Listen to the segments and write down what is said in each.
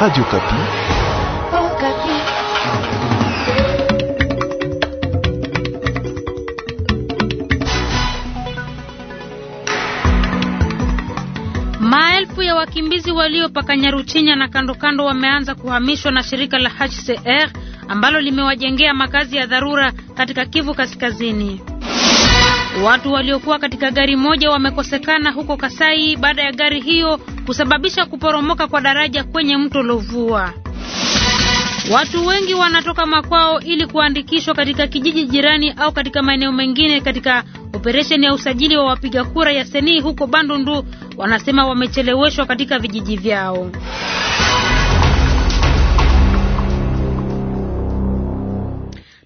Radio Kapi. Oh, Kapi. Maelfu ya wakimbizi waliopaka Nyaruchinya na kando kando wameanza kuhamishwa na shirika la HCR ambalo limewajengea makazi ya dharura katika Kivu Kaskazini. Watu waliokuwa katika gari moja wamekosekana huko Kasai baada ya gari hiyo kusababisha kuporomoka kwa daraja kwenye mto Lovua. Watu wengi wanatoka makwao ili kuandikishwa katika kijiji jirani au katika maeneo mengine katika operesheni ya usajili wa wapiga kura ya Senii huko Bandundu wanasema wamecheleweshwa katika vijiji vyao.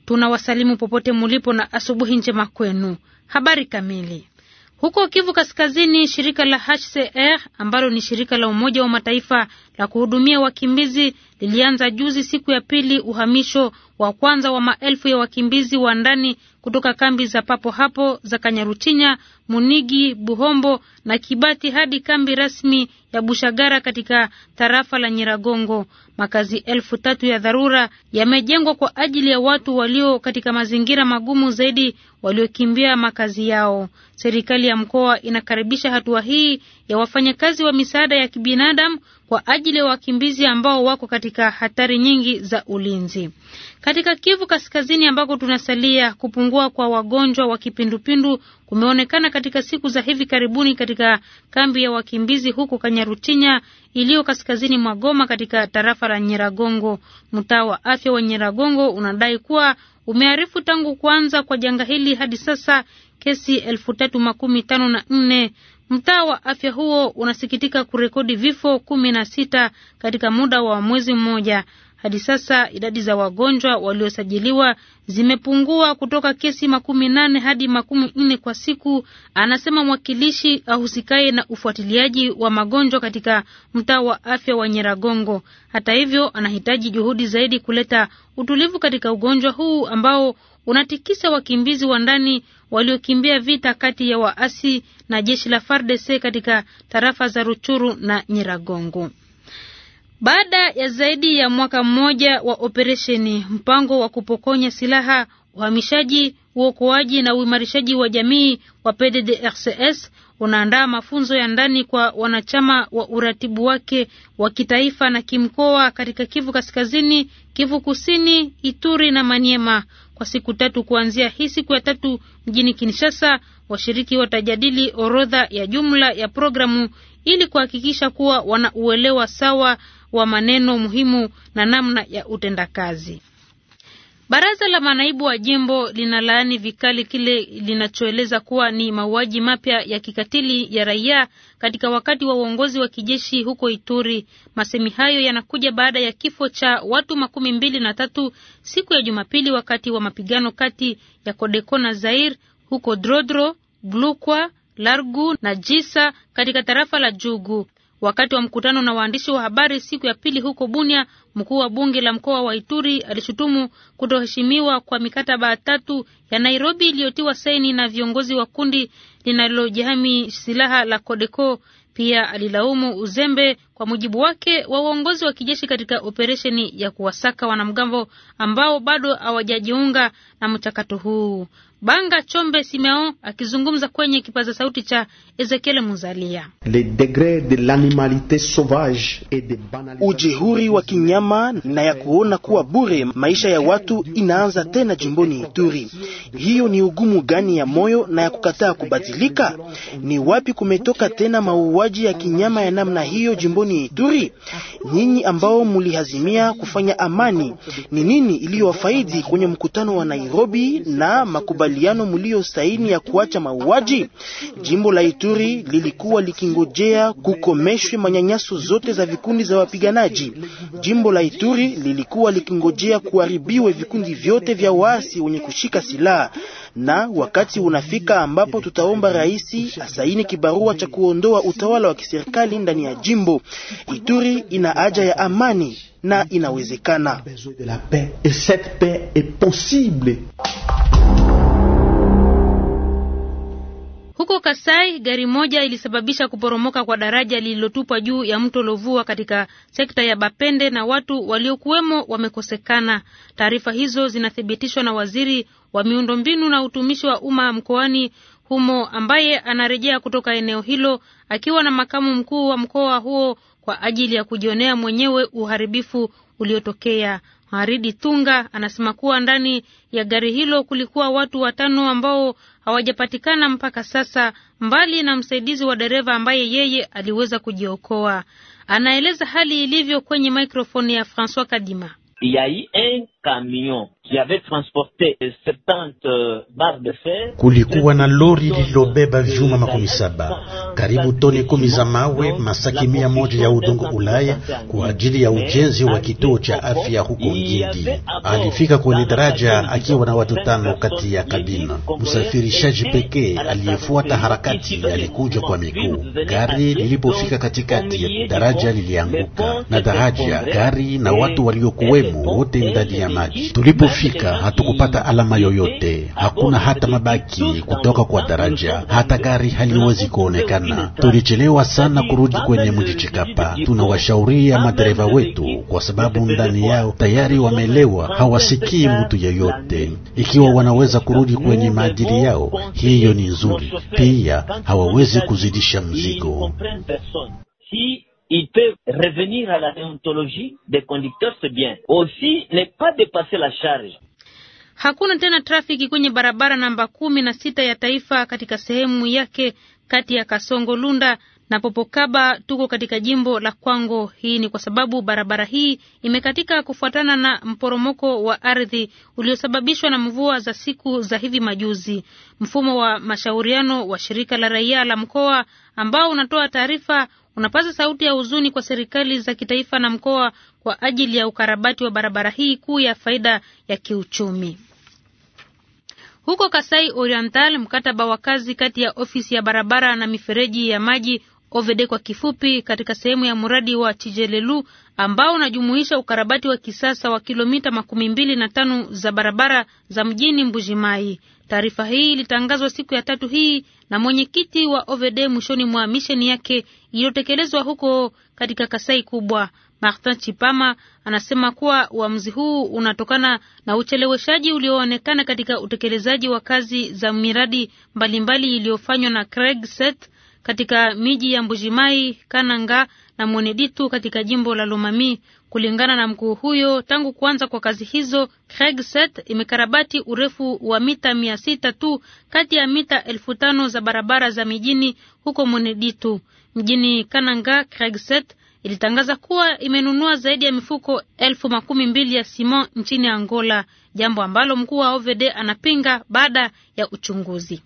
Tunawasalimu popote mulipo na asubuhi njema kwenu. Habari kamili huko Kivu Kaskazini, shirika la HCR ambalo ni shirika la Umoja wa Mataifa la kuhudumia wakimbizi lilianza juzi siku ya pili uhamisho wa kwanza wa maelfu ya wakimbizi wa ndani kutoka kambi za papo hapo za Kanyarutinya, Munigi, Buhombo na Kibati hadi kambi rasmi ya Bushagara katika tarafa la Nyiragongo. Makazi elfu tatu ya dharura yamejengwa kwa ajili ya watu walio katika mazingira magumu zaidi, waliokimbia makazi yao. Serikali ya mkoa inakaribisha hatua hii ya wafanyakazi wa misaada ya kibinadamu kwa ajili ya wakimbizi ambao wako katika hatari nyingi za ulinzi. Katika Kivu Kaskazini ambako tunasalia, kupungua kwa wagonjwa wa kipindupindu kumeonekana katika siku za hivi karibuni katika kambi ya wakimbizi huko Kanyarutinya iliyo kaskazini mwa Goma katika tarafa la Nyiragongo. Mtaa wa afya wa Nyiragongo unadai kuwa umearifu tangu kuanza kwa janga hili hadi sasa kesi elfu tatu makumi tano na nne. Mtaa wa afya huo unasikitika kurekodi vifo kumi na sita katika muda wa mwezi mmoja. Hadi sasa idadi za wagonjwa waliosajiliwa zimepungua kutoka kesi makumi nane hadi makumi nne kwa siku, anasema mwakilishi ahusikaye na ufuatiliaji wa magonjwa katika mtaa wa afya wa Nyeragongo. Hata hivyo, anahitaji juhudi zaidi kuleta utulivu katika ugonjwa huu ambao unatikisa wakimbizi wa ndani waliokimbia vita kati ya waasi na jeshi la FARDC katika tarafa za Ruchuru na Nyiragongo. Baada ya zaidi ya mwaka mmoja wa operesheni, mpango wa kupokonya silaha, uhamishaji, uokoaji na uimarishaji wa jamii wa PDDRCS unaandaa mafunzo ya ndani kwa wanachama wa uratibu wake wa kitaifa na kimkoa katika Kivu Kaskazini, Kivu Kusini, Ituri na Maniema kwa siku tatu kuanzia hii siku ya tatu mjini Kinshasa. Washiriki watajadili orodha ya jumla ya programu ili kuhakikisha kuwa wanauelewa sawa wa maneno muhimu na namna ya utendakazi. Baraza la manaibu wa jimbo linalaani vikali kile linachoeleza kuwa ni mauaji mapya ya kikatili ya raia katika wakati wa uongozi wa kijeshi huko Ituri. Masemi hayo yanakuja baada ya kifo cha watu makumi mbili na tatu siku ya Jumapili wakati wa mapigano kati ya Kodeko na Zair huko Drodro, Blukwa, Largu na Jisa katika tarafa la Jugu. Wakati wa mkutano na waandishi wa habari siku ya pili huko Bunia, mkuu wa bunge la mkoa wa Ituri alishutumu kutoheshimiwa kwa mikataba tatu ya Nairobi iliyotiwa saini na viongozi wa kundi linalojihami silaha la Codeco. Pia alilaumu uzembe kwa mujibu wake wa uongozi wa kijeshi katika operesheni ya kuwasaka wanamgambo ambao bado hawajajiunga na mchakato huu. Banga Chombe Simeon akizungumza kwenye kipaza sauti cha Ezekiel Muzalia. Ujehuri wa kinyama na ya kuona kuwa bure maisha ya watu inaanza tena jimboni Ituri. Hiyo ni ugumu gani ya moyo na ya kukataa kubadilika? Ni wapi kumetoka tena mauaji ya kinyama ya namna hiyo jimboni Ituri? Nyinyi ambao mulihazimia kufanya amani, ni nini iliyowafaidi kwenye mkutano wa Nairobi na makubali makubaliano saini ya kuacha mauaji? Jimbo la Ituri lilikuwa likingojea kukomeshwe manyanyaso zote za vikundi za wapiganaji. Jimbo la Ituri lilikuwa likingojea kuharibiwe vikundi vyote vya waasi wenye kushika silaha, na wakati unafika ambapo tutaomba rais asaini kibarua cha kuondoa utawala wa kiserikali ndani ya jimbo. Ituri ina haja ya amani na inawezekana. Huko Kasai gari moja ilisababisha kuporomoka kwa daraja lililotupwa juu ya mto Lovua katika sekta ya Bapende na watu waliokuwemo wamekosekana. Taarifa hizo zinathibitishwa na waziri wa miundombinu na utumishi wa umma mkoani humo ambaye anarejea kutoka eneo hilo akiwa na makamu mkuu wa mkoa huo kwa ajili ya kujionea mwenyewe uharibifu uliotokea. Maridi Tunga anasema kuwa ndani ya gari hilo kulikuwa watu watano ambao hawajapatikana mpaka sasa, mbali na msaidizi wa dereva ambaye yeye aliweza kujiokoa. Anaeleza hali ilivyo kwenye mikrofoni ya Francois Kadima camion qui avait transporté 70 euh, barres de fer. Kulikuwa na lori lilobeba vyuma makumi saba karibu toni kumi za mawe, masaki mia moja ya udongo Ulaya kwa ajili ya ujenzi wa kituo cha afya huko Ngidi. Alifika kwenye daraja akiwa na watu tano kati ya kabina. Msafirishaji pekee aliyefuata harakati alikuja kwa miguu. Gari lilipofika katikati, daraja lilianguka, na daraja, gari na watu waliokuwemo wote ndani ya maji. Tulipofika hatukupata alama yoyote, hakuna hata mabaki kutoka kwa daraja, hata gari haliwezi kuonekana. Tulichelewa sana kurudi kwenye mji Chikapa. Tunawashauria madereva wetu, kwa sababu ndani yao tayari wamelewa, hawasikii mtu yeyote. Ikiwa wanaweza kurudi kwenye maadili yao, hiyo ni nzuri. Pia hawawezi kuzidisha mzigo ils peuvent revenir à la déontologie des conducteurs, c'est bien. Aussi, ne pas dépasser la charge. Hakuna tena trafiki kwenye barabara namba kumi na sita ya taifa katika sehemu yake kati ya Kasongo Lunda na Popokaba tuko katika jimbo la Kwango. Hii ni kwa sababu barabara hii imekatika kufuatana na mporomoko wa ardhi uliosababishwa na mvua za siku za hivi majuzi. Mfumo wa mashauriano wa shirika la raia la mkoa ambao unatoa taarifa unapaza sauti ya huzuni kwa serikali za kitaifa na mkoa kwa ajili ya ukarabati wa barabara hii kuu ya faida ya kiuchumi. Huko Kasai Oriental, mkataba wa kazi kati ya ofisi ya barabara na mifereji ya maji OVD kwa kifupi, katika sehemu ya mradi wa Chijelelu ambao unajumuisha ukarabati wa kisasa wa kilomita makumi mbili na tano za barabara za mjini Mbujimai. Taarifa hii ilitangazwa siku ya tatu hii na mwenyekiti wa OVD mwishoni mwa misheni yake iliyotekelezwa huko katika Kasai kubwa. Martin Chipama anasema kuwa uamuzi huu unatokana na ucheleweshaji ulioonekana katika utekelezaji wa kazi za miradi mbalimbali iliyofanywa na Craig Seth katika miji ya Mbujimai, Kananga na Mweneditu katika jimbo la Lomami. Kulingana na mkuu huyo, tangu kuanza kwa kazi hizo, Set imekarabati urefu wa mita mia sita tu kati ya mita elfu tano za barabara za mijini huko Mweneditu. Mjini Kananga, Craigset ilitangaza kuwa imenunua zaidi ya mifuko elfu makumi mbili ya simon nchini Angola, jambo ambalo mkuu wa OVD anapinga baada ya uchunguzi.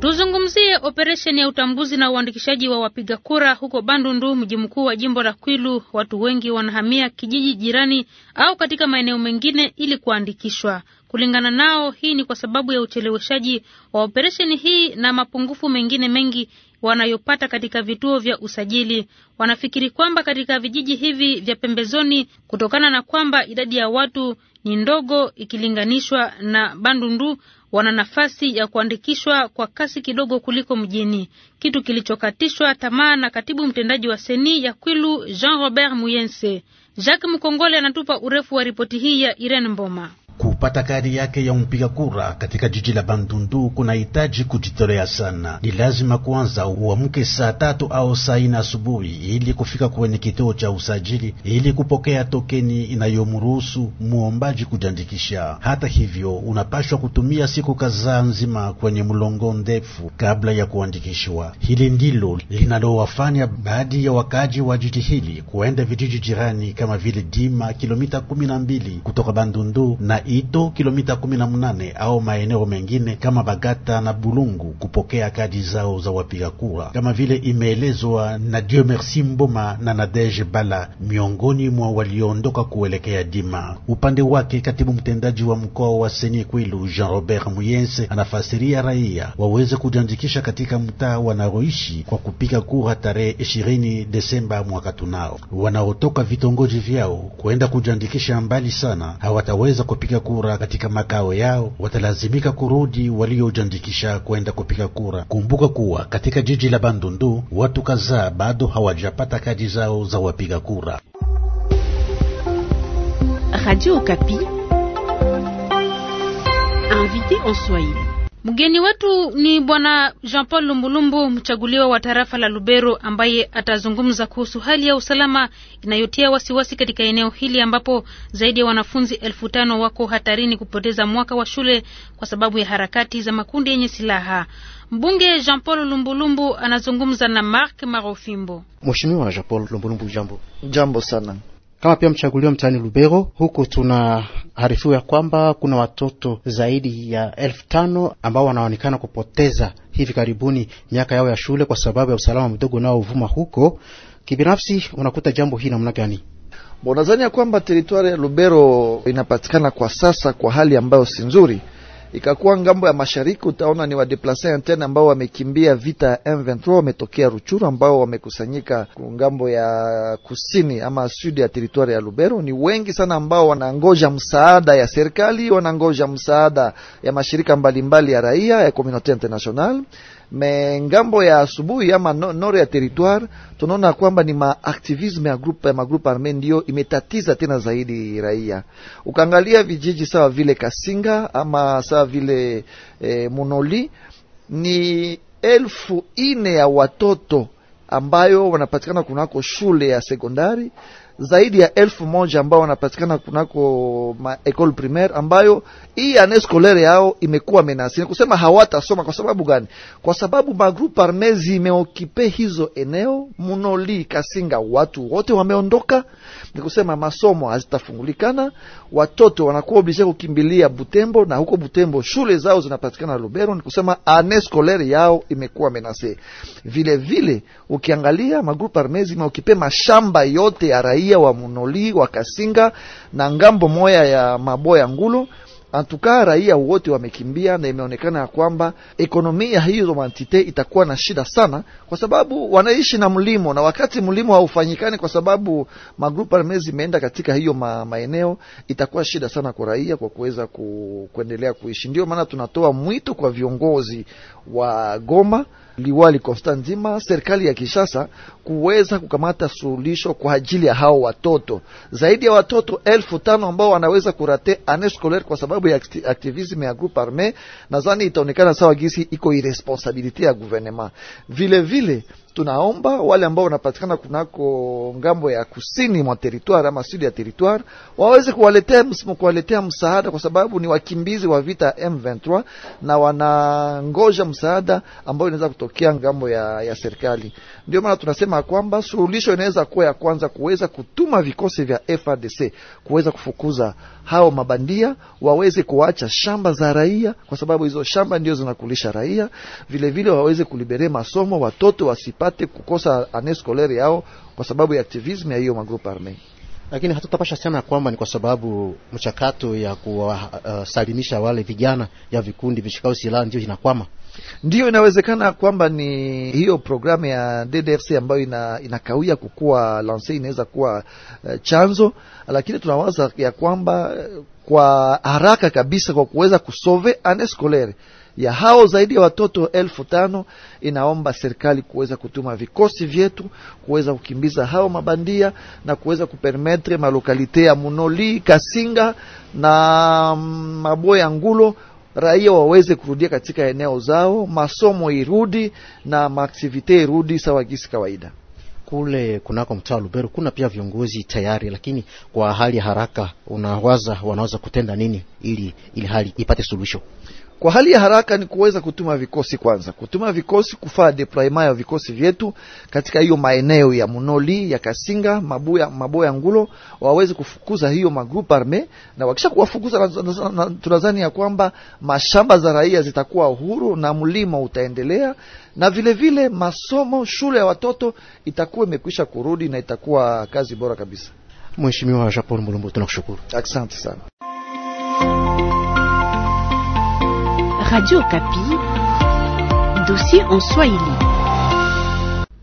Tuzungumzie operesheni ya utambuzi na uandikishaji wa wapiga kura huko Bandundu, mji mkuu wa jimbo la Kwilu. Watu wengi wanahamia kijiji jirani au katika maeneo mengine ili kuandikishwa. Kulingana nao, hii ni kwa sababu ya ucheleweshaji wa operesheni hii na mapungufu mengine mengi wanayopata katika vituo vya usajili. Wanafikiri kwamba katika vijiji hivi vya pembezoni, kutokana na kwamba idadi ya watu ni ndogo ikilinganishwa na Bandundu, wana nafasi ya kuandikishwa kwa kasi kidogo kuliko mjini, kitu kilichokatishwa tamaa na katibu mtendaji wa seni ya Kwilu Jean Robert Muyense. Jacques Mkongole anatupa urefu wa ripoti hii ya Irene Mboma. Kupata kadi yake ya mpiga kura katika jiji la Bandundu kunahitaji kujitolea sana. Ni lazima kuanza uamke saa tatu au saa ine asubuhi ili kufika kwenye kituo cha usajili ili kupokea tokeni inayomruhusu muombaji kujiandikisha. Hata hivyo, unapashwa kutumia siku kadhaa nzima kwenye mlongo ndefu kabla ya kuandikishwa. Hili ndilo linalowafanya baadhi ya wakaji wa jiji hili kuenda vijiji jirani kama vile Dima, kilomita kumi na mbili kutoka Bandundu na Ito kilomita 18 au maeneo mengine kama Bagata na Bulungu kupokea kadi zao za wapiga kura kama vile imeelezwa na Dieu Merci Mboma na Nadege Bala miongoni mwa waliondoka kuelekea Dima. Upande wake katibu mtendaji wa mkoa wa Seni Kwilu Jean Robert Muyense anafasiria raia waweze kujiandikisha katika mtaa wanaoishi kwa kupiga kura tarehe 20 Desemba mwaka tunao. Wanaotoka vitongoji vyao kwenda kujiandikisha mbali sana hawataweza kupiga kupiga kura katika makao yao watalazimika kurudi waliojiandikisha kwenda kupiga kura. Kumbuka kuwa katika jiji la Bandundu watu kadhaa bado hawajapata kadi zao za wapiga kura. Radio Okapi, invité en Swahili. Mgeni wetu ni bwana Jean Paul Lumbulumbu, mchaguliwa wa tarafa la Lubero, ambaye atazungumza kuhusu hali ya usalama inayotia wasiwasi katika eneo hili ambapo zaidi ya wanafunzi elfu tano wako hatarini kupoteza mwaka wa shule kwa sababu ya harakati za makundi yenye silaha. Mbunge Jean Paul Lumbulumbu anazungumza na Mark Marofimbo. Mheshimiwa Jean Paul Lumbulumbu, jambo. Jambo sana. Kama pia mchaguliwa mtaani Lubero, huku tuna arifiwa ya kwamba kuna watoto zaidi ya elfu tano ambao wanaonekana kupoteza hivi karibuni miaka yao ya shule kwa sababu ya usalama mdogo unaovuma huko. Kibinafsi, unakuta jambo hii namna gani? Nadhani ya kwamba teritwari ya Lubero inapatikana kwa sasa kwa hali ambayo si nzuri ikakuwa ngambo ya mashariki, utaona ni wadeplace interne ambao wamekimbia vita ya M23 wametokea Ruchuru, ambao wamekusanyika ngambo ya kusini ama sudi ya teritwari ya Lubero. Ni wengi sana ambao wanangoja msaada ya serikali, wanangoja msaada ya mashirika mbalimbali mbali ya raia ya community international me ngambo ya asubuhi ama no, nore ya territoire tunaona kwamba ni maaktivisme ya grupu ya magrupu arme imetatiza tena zaidi raia. Ukaangalia vijiji sawa vile Kasinga ama sawa sasa vile e, eh, Munoli ni elfu ine ya watoto ambayo wanapatikana kunako shule ya sekondari zaidi ya elfu moja ambao wanapatikana kunako ecole primaire, ambayo hii ane scolaire yao imekuwa menasi, kusema hawatasoma. Kwa sababu gani? Kwa sababu magroup arme zimeokipe hizo eneo Munoli, Kasinga, watu wote wameondoka ni kusema masomo hazitafungulikana, watoto wanakuwa oblige kukimbilia Butembo, na huko Butembo shule zao zinapatikana Lubero. Ni kusema ane scolaire yao imekuwa menase. Vile vile ukiangalia magrupu armezi maukipe mashamba yote ya raia wa Munoli wa Kasinga na ngambo moya ya Maboya Ngulu Antukaa raia wote wamekimbia, na imeonekana ya kwamba ekonomia hiyo mantite itakuwa na shida sana, kwa sababu wanaishi na mlimo, na wakati mlimo haufanyikani kwa sababu magrupu arme zimeenda katika hiyo ma, maeneo, itakuwa shida sana kwa raia kwa kuweza ku, kuendelea kuishi. Ndio maana tunatoa mwito kwa viongozi wa Goma, liwali Constant Nzima, serikali ya Kinshasa kuweza kukamata suluhisho kwa ajili ya hao watoto zaidi ya watoto elfu tano ambao wanaweza kurate ane scolaire kwa sababu sababu ya aktivism ya group arme, nadhani itaonekana sawa gisi iko iresponsabilite ya gouvernement Vile vile tunaomba wale ambao wanapatikana kunako ngambo ya kusini mwa territoire ama sudi ya territoire waweze kuwaletea kuwaletea msaada, kwa sababu ni wakimbizi wa vita M23 na wanangoja msaada ambao inaweza kutokea ngambo ya, ya serikali. Ndio maana tunasema kwamba suluhisho inaweza kuwa ya kwanza kuweza kutuma vikosi vya FRDC kuweza kufukuza hao mabandia, waweze kuacha shamba za raia, kwa sababu hizo shamba ndio zinakulisha raia. Vilevile vile waweze kulibere masomo, watoto wasipate kukosa aneskolere yao kwa sababu ya aktivismu ya hiyo magrupu arme lakini hatutapasha sema kwamba ni kwa sababu mchakato ya kuwasalimisha uh, wale vijana ya vikundi vishikao silaha ndio inakwama. Ndiyo, inawezekana kwamba ni hiyo programu ya DDFC ambayo ina, inakawia kukuwa lance inaweza kuwa uh, chanzo, lakini tunawaza ya kwamba eh, kwa haraka kabisa kwa kuweza kusove ane scolaire ya hao zaidi ya watoto elfu tano inaomba serikali kuweza kutuma vikosi vyetu kuweza kukimbiza hao mabandia na kuweza kupermetre malokalite ya Munoli, Kasinga na mm, Maboya Ngulo raia waweze kurudia katika eneo zao, masomo irudi na maaktivite irudi sawa gisi kawaida. Kule kunako mtaa wa Lubero kuna pia viongozi tayari, lakini kwa hali ya haraka, unawaza wanaweza kutenda nini ili ili hali ipate suluhisho? Kwa hali ya haraka ni kuweza kutuma vikosi kwanza, kutuma vikosi kufaa deployement ya vikosi vyetu katika hiyo maeneo ya Munoli, ya Kasinga, Mabuya, Maboya, Ngulo, waweze kufukuza hiyo magroup arme, na wakisha kuwafukuza, tunadhani ya kwamba mashamba za raia zitakuwa uhuru na mlima utaendelea, na vilevile vile masomo, shule ya watoto itakuwa imekwisha kurudi na itakuwa kazi bora kabisa. Mheshimiwa Japon Mulumbu, tunakushukuru. Asante sana. Radio Kapi, dossier en Swahili.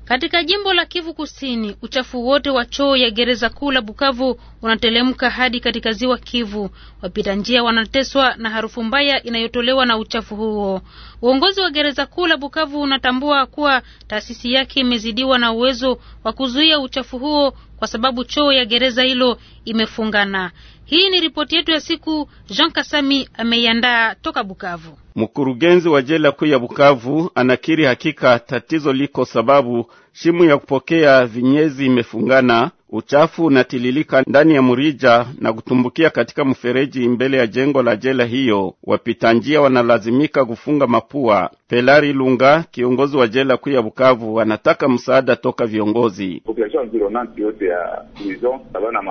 Katika jimbo la Kivu Kusini, uchafu wote wa choo ya gereza kuu la Bukavu unatelemka hadi katika ziwa Kivu. Wapita njia wanateswa na harufu mbaya inayotolewa na uchafu huo. Uongozi wa gereza kuu la Bukavu unatambua kuwa taasisi yake imezidiwa na uwezo wa kuzuia uchafu huo kwa sababu choo ya gereza hilo imefungana. Hii ni ripoti yetu ya siku. Jean Kasami ameiandaa toka Bukavu. Mkurugenzi wa jela kuu ya Bukavu anakiri hakika tatizo liko, sababu shimu ya kupokea vinyezi imefungana Uchafu unatililika ndani ya murija na kutumbukia katika mfereji mbele ya jengo la jela hiyo. Wapita njia wanalazimika kufunga mapua. Pelari Lunga, kiongozi wa jela kuu ya Bukavu, anataka msaada toka viongozi. Population environnante yote ya prison abana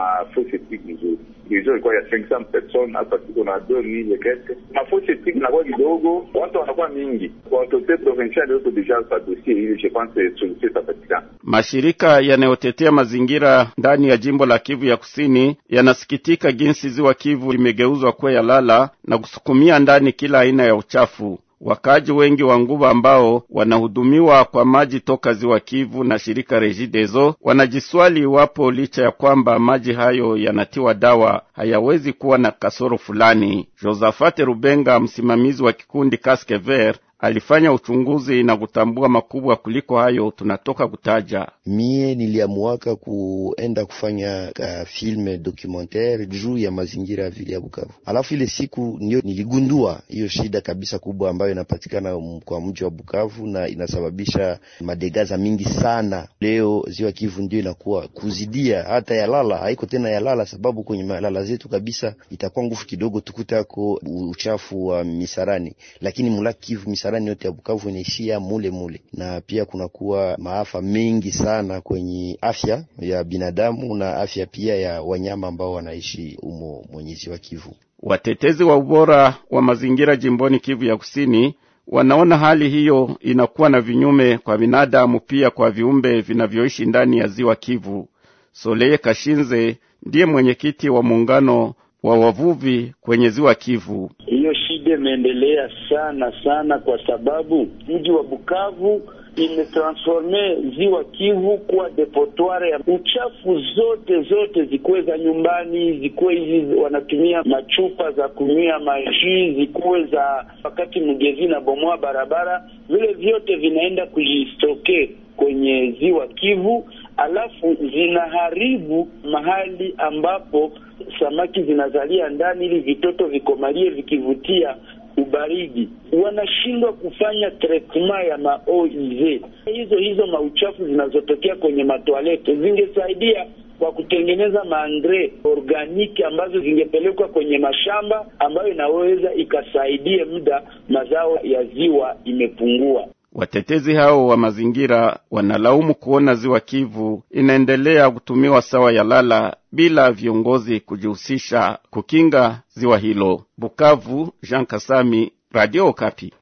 mzuri hizo ilikuwa ya 500 person, hapa tuko na 2000 kete mafoshe tiki na kwa kidogo, watu wanakuwa mingi kwa autorite provinciale yote deja pa dossier ili je pense solution itapatikana. Mashirika yanayotetea mazingira ndani ya jimbo la Kivu ya Kusini yanasikitika jinsi ziwa Kivu limegeuzwa kuwa ya lala na kusukumia ndani kila aina ya uchafu. Wakaji wengi wa Nguba ambao wanahudumiwa kwa maji toka ziwa Kivu na shirika Regideso wanajiswali iwapo licha ya kwamba maji hayo yanatiwa dawa hayawezi kuwa na kasoro fulani. Josafate Rubenga, msimamizi wa kikundi Casque Vert, alifanya uchunguzi na kutambua makubwa kuliko hayo tunatoka kutaja. Mie niliamuaka kuenda kufanya ka uh, filme documentaire juu ya mazingira ya vile ya Bukavu, alafu ile siku ndio niligundua hiyo shida kabisa kubwa ambayo inapatikana kwa mji wa Bukavu na inasababisha madegaza mingi sana. Leo ziwa Kivu ndio inakuwa kuzidia hata yalala, haiko tena yalala sababu kwenye malala zetu kabisa itakuwa ngufu kidogo ako uchafu wa misarani, lakini mulaki Kivu misarani barabarani yote ya Bukavu inaishia mule mule, na pia kunakuwa maafa mengi sana kwenye afya ya binadamu na afya pia ya wanyama ambao wanaishi umo mwenye ziwa Kivu. Watetezi wa ubora wa mazingira jimboni Kivu ya Kusini wanaona hali hiyo inakuwa na vinyume kwa binadamu pia kwa viumbe vinavyoishi ndani ya ziwa Kivu. Soleye Kashinze ndiye mwenyekiti wa muungano wa wavuvi kwenye ziwa Kivu ambayo imeendelea sana sana, kwa sababu mji wa Bukavu imetransforme ziwa Kivu kuwa depotoare ya uchafu zote zote, zikuwe za nyumbani, zikuwe hizi wanatumia machupa za kunywia maji, zikuwe za wakati mgezi na bomoa barabara, vile vyote vinaenda kujistoke kwenye ziwa Kivu, alafu zinaharibu mahali ambapo samaki zinazalia ndani ili vitoto vikomalie vikivutia ubaridi. Wanashindwa kufanya treatment ya maoiv hizo hizo, mauchafu zinazotokea kwenye matoalete zingesaidia kwa kutengeneza maangre organiki ambazo zingepelekwa kwenye mashamba ambayo inaweza ikasaidie muda mazao ya ziwa imepungua. Watetezi hao wa mazingira wanalaumu kuona ziwa Kivu inaendelea kutumiwa sawa ya lala bila viongozi kujihusisha kukinga ziwa hilo. Bukavu, Jean Kasami, Radio Kapi.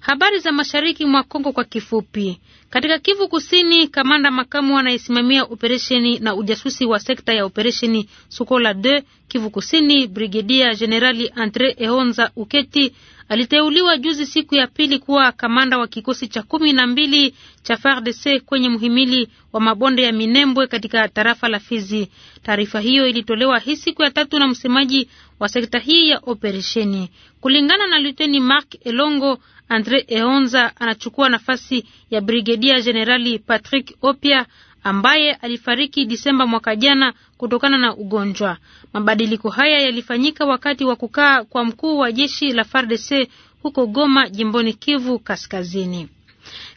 Habari za mashariki mwa Kongo kwa kifupi. Katika Kivu Kusini, kamanda makamu anayesimamia operesheni na ujasusi wa sekta ya operesheni Sukola de Kivu Kusini, Brigedia Generali Andre Eonza Uketi Aliteuliwa juzi siku ya pili kuwa kamanda wa kikosi cha kumi na mbili cha FARDC kwenye mhimili wa mabonde ya Minembwe katika tarafa la Fizi. Taarifa hiyo ilitolewa hii siku ya tatu na msemaji wa sekta hii ya operesheni. Kulingana na Luteni Mark Elongo, Andre Eonza anachukua nafasi ya Brigedia Jenerali Patrick Opia ambaye alifariki Disemba mwaka jana kutokana na ugonjwa. Mabadiliko haya yalifanyika wakati wa kukaa kwa mkuu wa jeshi la FARDC huko Goma, jimboni Kivu Kaskazini.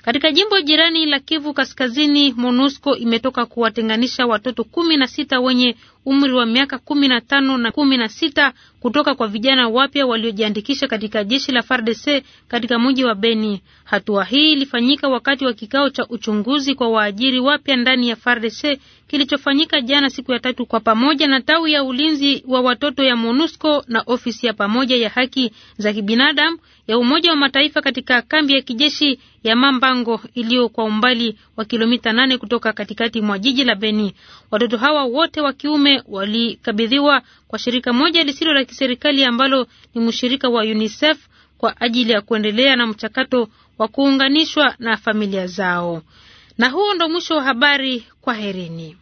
Katika jimbo jirani la Kivu Kaskazini, MONUSCO imetoka kuwatenganisha watoto kumi na sita wenye umri wa miaka kumi na tano na kumi na sita kutoka kwa vijana wapya waliojiandikisha katika jeshi la FARDC katika mji wa Beni. Hatua hii ilifanyika wakati wa kikao cha uchunguzi kwa waajiri wapya ndani ya FARDC kilichofanyika jana siku ya tatu kwa pamoja na tawi ya ulinzi wa watoto ya MONUSCO na ofisi ya pamoja ya haki za kibinadamu ya Umoja wa Mataifa katika kambi ya kijeshi ya Mamba Kango iliyo kwa umbali wa kilomita nane kutoka katikati mwa jiji la Beni. Watoto hawa wote wa kiume walikabidhiwa kwa shirika moja lisilo la kiserikali ambalo ni mshirika wa UNICEF kwa ajili ya kuendelea na mchakato wa kuunganishwa na familia zao. Na huo ndo mwisho wa habari. kwa herini